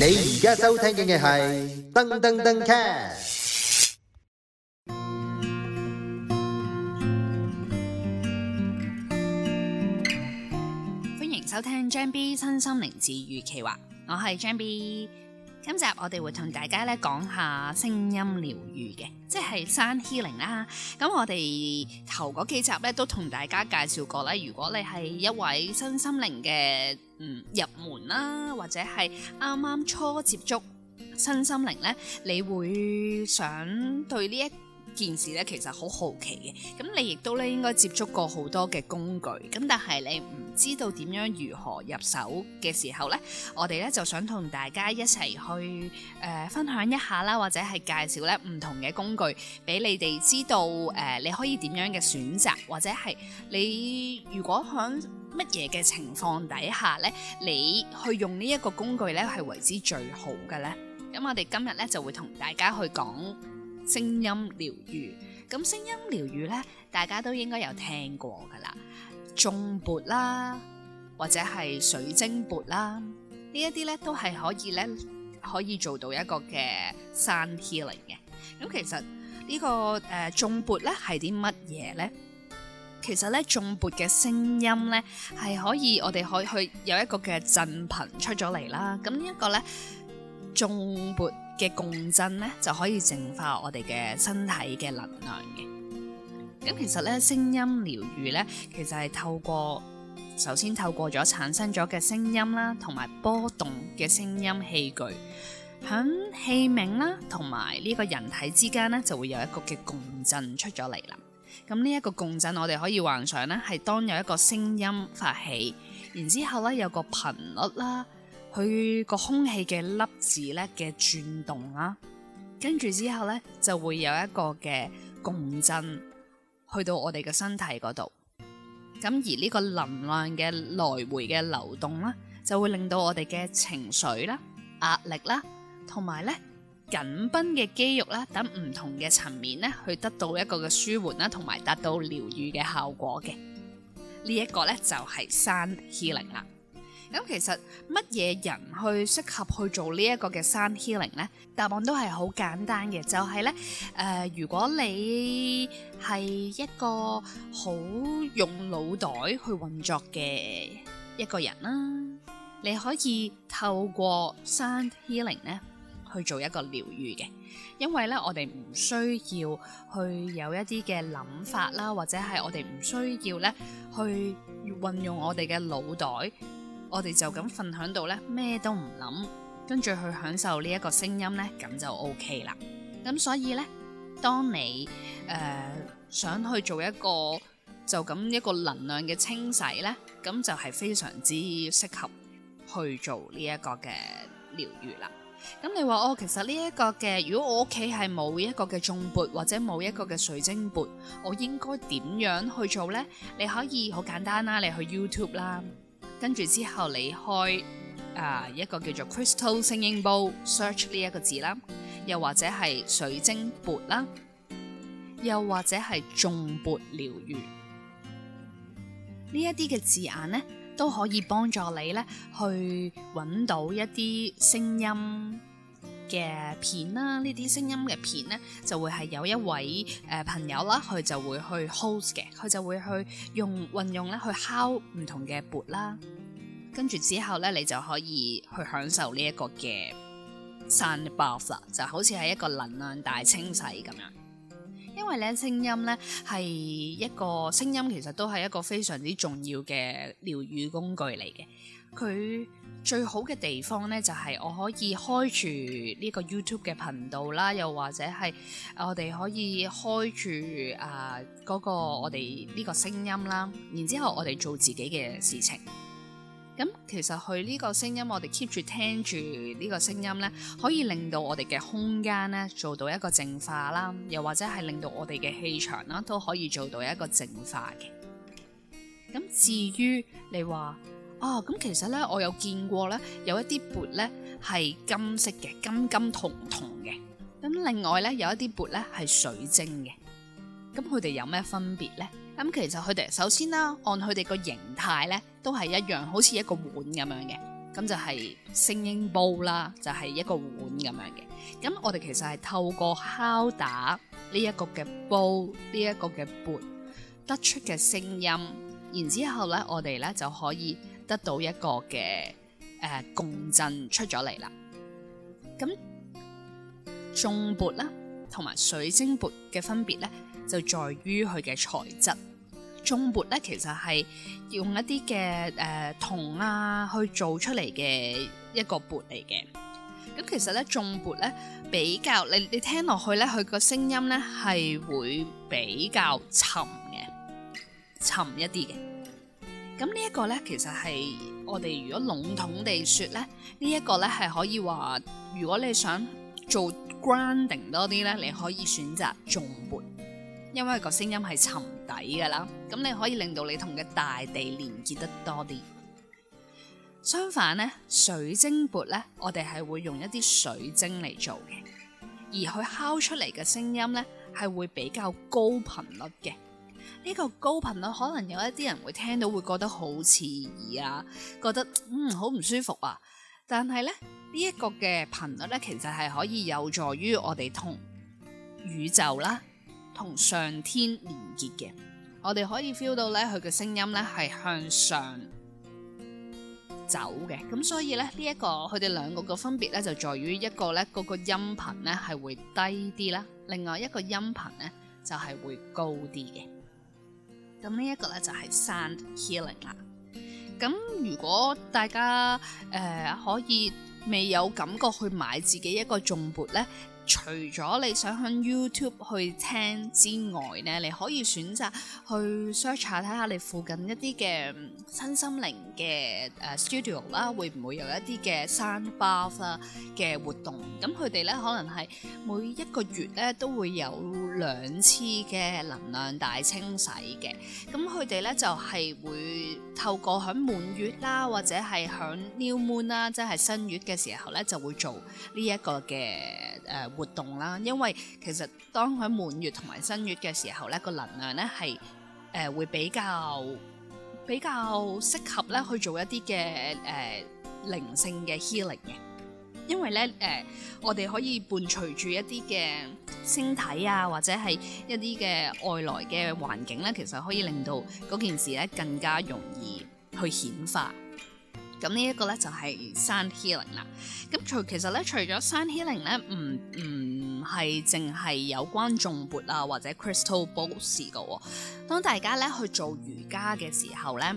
你而家收聽嘅係噔噔噔卡，歡迎收聽張 B 身心靈治愈企劃，我係張 B。今集我哋會同大家咧講下聲音療愈嘅，即係 sound healing 啦。咁我哋頭嗰幾集咧都同大家介紹過啦。如果你係一位身心靈嘅嗯，入門啦，或者係啱啱初接觸身心靈咧，你會想對呢一件事咧，其實好好奇嘅。咁你亦都咧應該接觸過好多嘅工具，咁但係你唔知道點樣如何入手嘅時候呢，我哋咧就想同大家一齊去誒、呃、分享一下啦，或者係介紹咧唔同嘅工具俾你哋知道誒、呃，你可以點樣嘅選擇，或者係你如果響乜嘢嘅情況底下呢，你去用呢一個工具呢係為之最好嘅呢。咁我哋今日呢就會同大家去講。聲音療愈。咁聲音療愈咧，大家都應該有聽過㗎喇，頌缽啦，或者係水晶缽啦，呢一啲咧都係可以咧可以做到一個嘅 sound healing 嘅。咁其實呢個誒頌缽咧係啲乜嘢咧？其實咧頌缽嘅聲音咧係可以我哋可以去有一個嘅振頻出咗嚟啦。咁呢一個咧頌缽。嘅共振咧，就可以淨化我哋嘅身體嘅能量嘅。咁其實咧，聲音療癒咧，其實係透過首先透過咗產生咗嘅聲音啦，同埋波動嘅聲音器具，響器皿啦，同埋呢個人體之間咧，就會有一個嘅共振出咗嚟啦。咁呢一個共振，我哋可以幻想咧，係當有一個聲音發起，然之後咧有個頻率啦。佢個空氣嘅粒子咧嘅轉動啦、啊，跟住之後咧就會有一個嘅共振，去到我哋嘅身體嗰度。咁而呢個能量嘅來回嘅流動啦、啊，就會令到我哋嘅情緒啦、啊、壓力啦、啊，同埋咧緊繃嘅肌肉啦、啊，等唔同嘅層面咧去得到一個嘅舒緩啦、啊，同埋達到療愈嘅效果嘅。這個、呢一個咧就係 sound healing 啦。咁其實乜嘢人去適合去做呢一個嘅 sound healing 呢？答案都係好簡單嘅，就係呢誒，如果你係一個好用腦袋去運作嘅一個人啦，你可以透過 sound healing 呢去做一個療愈嘅，因為呢我哋唔需要去有一啲嘅諗法啦，或者係我哋唔需要呢去運用我哋嘅腦袋。我哋就咁瞓喺度咧，咩都唔諗，跟住去享受呢一個聲音咧，咁就 OK 啦。咁所以咧，當你誒想去做一個就咁一個能量嘅清洗咧，咁就係非常之適合去做呢一個嘅療愈啦。咁你話哦，其實呢一個嘅，如果我屋企係冇一個嘅鐘缽或者冇一個嘅水晶缽，我應該點樣去做咧？你可以好簡單啦，你去 YouTube 啦。跟住之後，你開啊一個叫做 Crystal Singing Bowl，search 呢一個字啦，又或者係水晶缽啦，又或者係頌缽療愈呢一啲嘅字眼呢，都可以幫助你呢去揾到一啲聲音嘅片啦，呢啲聲音嘅片咧，就會係有一位誒、呃、朋友啦，佢就會去 host 嘅，佢就會去用運用咧去敲唔同嘅缽啦，跟住之後咧，你就可以去享受呢一個嘅 sound bath 啦，就好似係一個能量大清洗咁樣。因為咧，聲音咧係一個聲音，其實都係一個非常之重要嘅療癒工具嚟嘅，佢。最好嘅地方咧，就係我可以開住呢個 YouTube 嘅頻道啦，又或者係我哋可以開住啊嗰個我哋呢個聲音啦。然之後我哋做自己嘅事情。咁其實佢呢個聲音，我哋 keep 住聽住呢個聲音咧，可以令到我哋嘅空間咧做到一個淨化啦，又或者係令到我哋嘅氣場啦都可以做到一個淨化嘅。咁至於你話，啊，咁其實咧，我有見過咧，有一啲缽咧係金色嘅，金金銅銅嘅。咁另外咧，有一啲缽咧係水晶嘅。咁佢哋有咩分別咧？咁其實佢哋首先啦，按佢哋個形態咧，都係一樣，好似一個碗咁樣嘅。咁就係聲音煲啦，就係一個碗咁樣嘅。咁我哋其實係透過敲打呢一個嘅煲，呢一個嘅缽，得出嘅聲音。然之後咧，我哋咧就可以。得到一個嘅誒共振出咗嚟啦。咁頌缽啦，同埋水晶缽嘅分別咧，就在於佢嘅材質。頌缽咧其實係用一啲嘅誒銅啊去做出嚟嘅一個缽嚟嘅。咁其實咧頌缽咧比較，你你聽落去咧，佢個聲音咧係會比較沉嘅，沉一啲嘅。咁呢一個咧，其實係我哋如果籠統地說咧，這個、呢一個咧係可以話，如果你想做 grounding 多啲咧，你可以選擇重缽，因為個聲音係沉底噶啦。咁你可以令到你同嘅大地連結得多啲。相反咧，水晶缽咧，我哋係會用一啲水晶嚟做嘅，而佢敲出嚟嘅聲音咧係會比較高頻率嘅。呢個高頻率可能有一啲人會聽到，會覺得好刺耳啊，覺得嗯好唔舒服啊。但係咧，呢一個嘅頻率咧，其實係可以有助於我哋同宇宙啦，同上天連結嘅。我哋可以 feel 到咧，佢嘅聲音咧係向上走嘅。咁所以咧，呢一個佢哋兩個嘅分別咧，就在於一個咧嗰個音頻咧係會低啲啦，另外一個音頻咧就係會高啲嘅。咁呢一個咧就係、是、sound healing 啦。咁如果大家、呃、可以未有感覺去買自己一個重撥咧？除咗你想喺 YouTube 去聽之外咧，你可以選擇去 search 下睇下你附近一啲嘅身心靈嘅誒 studio 啦，會唔會有一啲嘅 sound bath 啦嘅活動，咁佢哋咧可能係每一個月咧都會有兩次嘅能量大清洗嘅。咁佢哋咧就係、是、會透過響滿月啦，或者係響 new moon 啦，即、就、係、是、新月嘅時候咧，就會做呢一個嘅誒。呃活動啦，因為其實當佢滿月同埋新月嘅時候咧，個能量咧係誒會比較比較適合咧去做一啲嘅誒靈性嘅 healing 嘅，因為咧誒我哋可以伴隨住一啲嘅星體啊，或者係一啲嘅外來嘅環境咧，其實可以令到嗰件事咧更加容易去顯化。咁呢一個咧就係、是、sound healing 啦。咁除其實咧，除咗 sound healing 咧，唔唔係淨係有關重撥啊，或者 crystal bowls 嘅、啊。當大家咧去做瑜伽嘅時候咧，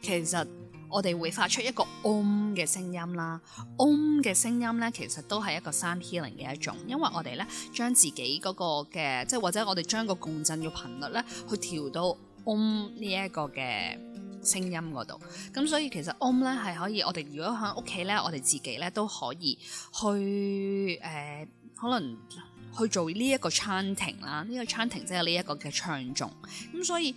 其實我哋會發出一個 Om 嘅聲音啦。Om、um、嘅聲音咧，其實都係一個 sound healing 嘅一種，因為我哋咧將自己嗰個嘅，即係或者我哋將個共振嘅頻率咧，去調到 Om 呢一個嘅聲音嗰度，咁所以其實 Om 咧係可以，我哋如果喺屋企咧，我哋自己咧都可以去誒、呃，可能去做呢一個 chanting 啦。呢、呢個 chanting 即係呢一個嘅唱誦咁，所以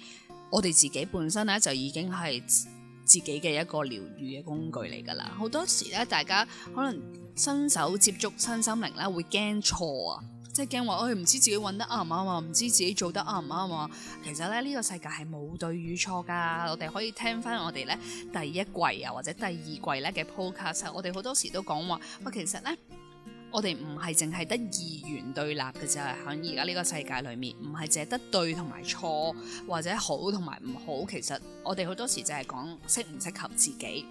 我哋自己本身咧就已經係自己嘅一個療愈嘅工具嚟㗎啦。好多時咧，大家可能新手接觸新心靈咧，會驚錯啊。即係驚話，我、哎、唔知自己搵得啱唔啱啊，唔知自己做得啱唔啱啊。其實咧呢、呢個世界係冇對與錯噶。我哋可以聽翻我哋咧第一季啊或者第二季咧嘅 Podcast。我哋好多時都講話，喂，其實咧我哋唔係淨係得二元對立嘅，就係喺而家呢個世界裏面唔係淨係得對同埋錯或者好同埋唔好。其實我哋好多時就係講適唔適合自己。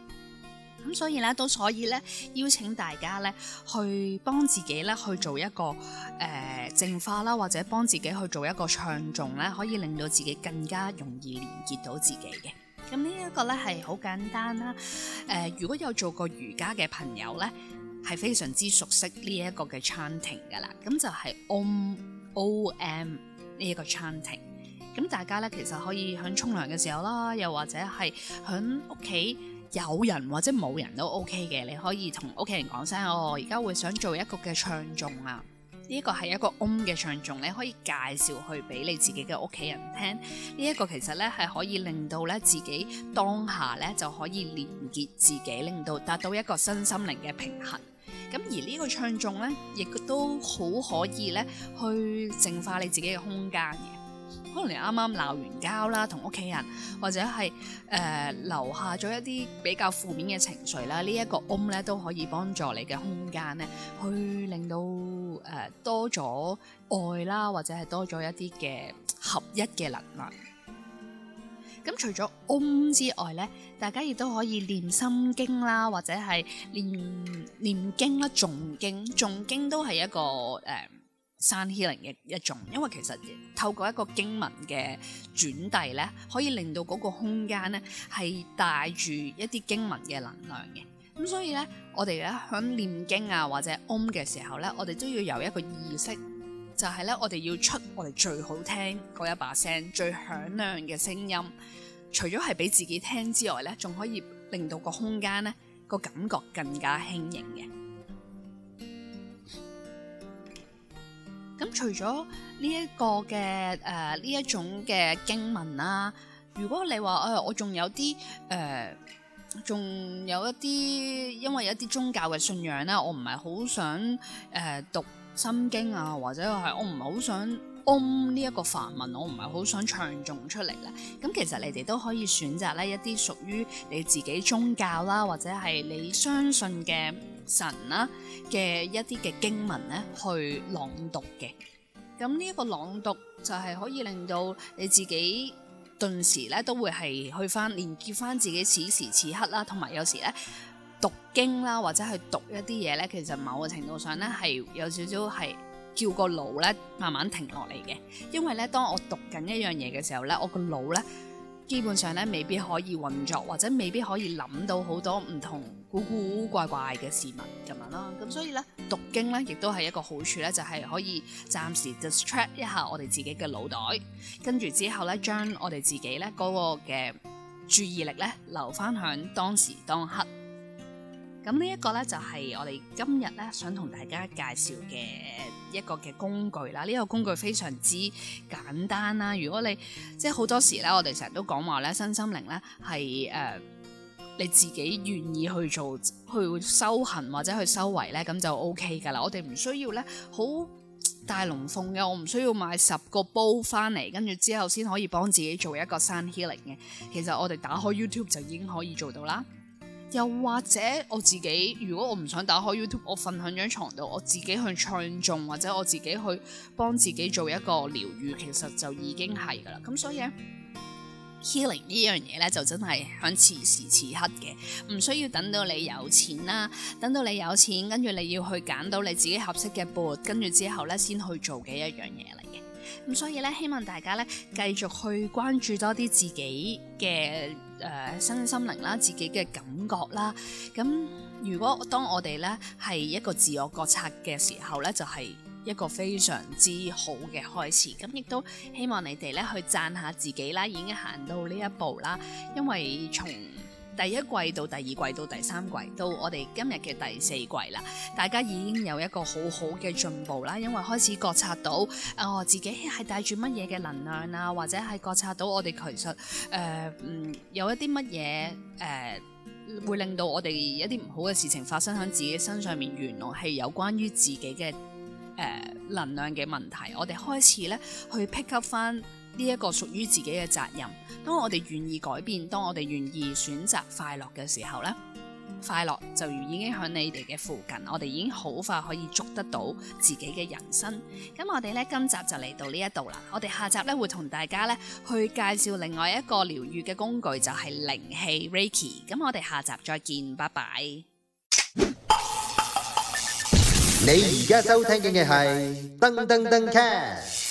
咁所以咧，都所以咧，邀請大家咧，去幫自己咧去做一個誒、呃、淨化啦，或者幫自己去做一個唱頌咧，可以令到自己更加容易連結到自己嘅。咁呢一個咧係好簡單啦。誒、呃，如果有做過瑜伽嘅朋友咧，係非常之熟悉呢一個嘅 chanting 噶啦。咁就係 O M 呢一個 chanting。咁大家咧其實可以喺沖涼嘅時候啦，又或者係喺屋企。有人或者冇人都 OK 嘅，你可以同屋企人講聲，哦，我而家會想做一個嘅唱誦啊，呢一個係一個嗡嘅唱誦，你可以介紹去俾你自己嘅屋企人聽。呢一個其實咧係可以令到咧自己當下咧就可以連結自己，令到達到一個身心靈嘅平衡。咁而呢個唱誦咧，亦都好可以咧去淨化你自己嘅空間嘅。可能你啱啱鬧完交啦，同屋企人或者係誒、呃、留下咗一啲比較負面嘅情緒啦，這個、呢一個嗡咧都可以幫助你嘅空間咧，去令到誒、呃、多咗愛啦，或者係多咗一啲嘅合一嘅能量。咁除咗嗡之外咧，大家亦都可以念心經啦，或者係念念經啦、誦經、誦經都係一個誒、呃 Sound healing 嘅一種，因為其實透過一個經文嘅轉遞咧，可以令到嗰個空間咧係帶住一啲經文嘅能量嘅。咁所以咧，我哋咧響念經啊或者嗡、哦、嘅時候咧，我哋都要有一個意識，就係、是、咧我哋要出我哋最好聽嗰一把聲、最響亮嘅聲音。除咗係俾自己聽之外咧，仲可以令到個空間咧、個感覺更加輕盈嘅。咁除咗呢一個嘅、誒呢一種嘅經文啦、啊，如果你話誒、呃、我仲有啲誒仲有一啲、呃，因為有一啲宗教嘅信仰咧、啊，我唔係好想誒、呃、讀心經啊，或者係我唔係好想嗡呢一個梵文，我唔係好想唱誦出嚟咧。咁其實你哋都可以選擇咧一啲屬於你自己宗教啦、啊，或者係你相信嘅。神啦嘅一啲嘅經文咧，去朗讀嘅。咁呢一個朗讀就係可以令到你自己頓時咧都會係去翻連接翻自己此時此刻啦，同埋有，有時咧讀經啦，或者去讀一啲嘢咧，其實某個程度上咧係有少少係叫個腦咧慢慢停落嚟嘅。因為咧，當我讀緊一樣嘢嘅時候咧，我個腦咧基本上咧未必可以運作，或者未必可以諗到好多唔同。古古怪怪嘅事物咁樣咯，咁所以咧讀經咧，亦都係一個好處咧，就係、是、可以暫時 distract 一下我哋自己嘅腦袋，跟住之後咧，將我哋自己咧嗰、那個嘅注意力咧留翻響當時當刻。咁呢一個咧就係、是、我哋今日咧想同大家介紹嘅一個嘅工具啦。呢、這個工具非常之簡單啦。如果你即係好多時咧，我哋成日都講話咧，身心靈咧係誒。你自己願意去做去修行或者去修為咧，咁就 OK 噶啦。我哋唔需要咧好大龍鳳嘅，我唔需要買十個煲翻嚟，跟住之後先可以幫自己做一個 sound healing 嘅。其實我哋打開 YouTube 就已經可以做到啦。又或者我自己，如果我唔想打開 YouTube，我瞓響張床度，我自己去唱頌或者我自己去幫自己做一個療愈，其實就已經係噶啦。咁所以咧。healing 這樣東西，呢樣嘢咧就真係響此時此刻嘅，唔需要等到你有錢啦，等到你有錢跟住你要去揀到你自己合適嘅 board，跟住之後咧先去做嘅一樣嘢嚟嘅。咁所以咧，希望大家咧繼續去關注多啲自己嘅誒、呃、身心靈啦，自己嘅感覺啦。咁如果當我哋咧係一個自我覺察嘅時候咧，就係、是一個非常之好嘅開始，咁亦都希望你哋咧去讚下自己啦，已經行到呢一步啦。因為從第一季到第二季到第三季到我哋今日嘅第四季啦，大家已經有一個好好嘅進步啦。因為開始覺察到，呃，自己係帶住乜嘢嘅能量啊，或者係覺察到我哋其實，誒，呃，嗯，有一啲乜嘢，誒，呃，會令到我哋一啲唔好嘅事情發生喺自己身上面，原來係有關於自己嘅。呃、能量嘅問題，我哋開始咧去 pick up 翻呢一個屬於自己嘅責任。當我哋願意改變，當我哋願意選擇快樂嘅時候咧，快樂就如已經喺你哋嘅附近。我哋已經好快可以捉得到自己嘅人生。咁我哋咧今集就嚟到呢一度啦。我哋下集咧會同大家咧去介紹另外一個療愈嘅工具，就係靈氣 Reiki。咁我哋下集再見，拜拜。你而家收聽嘅係噔噔噔 cat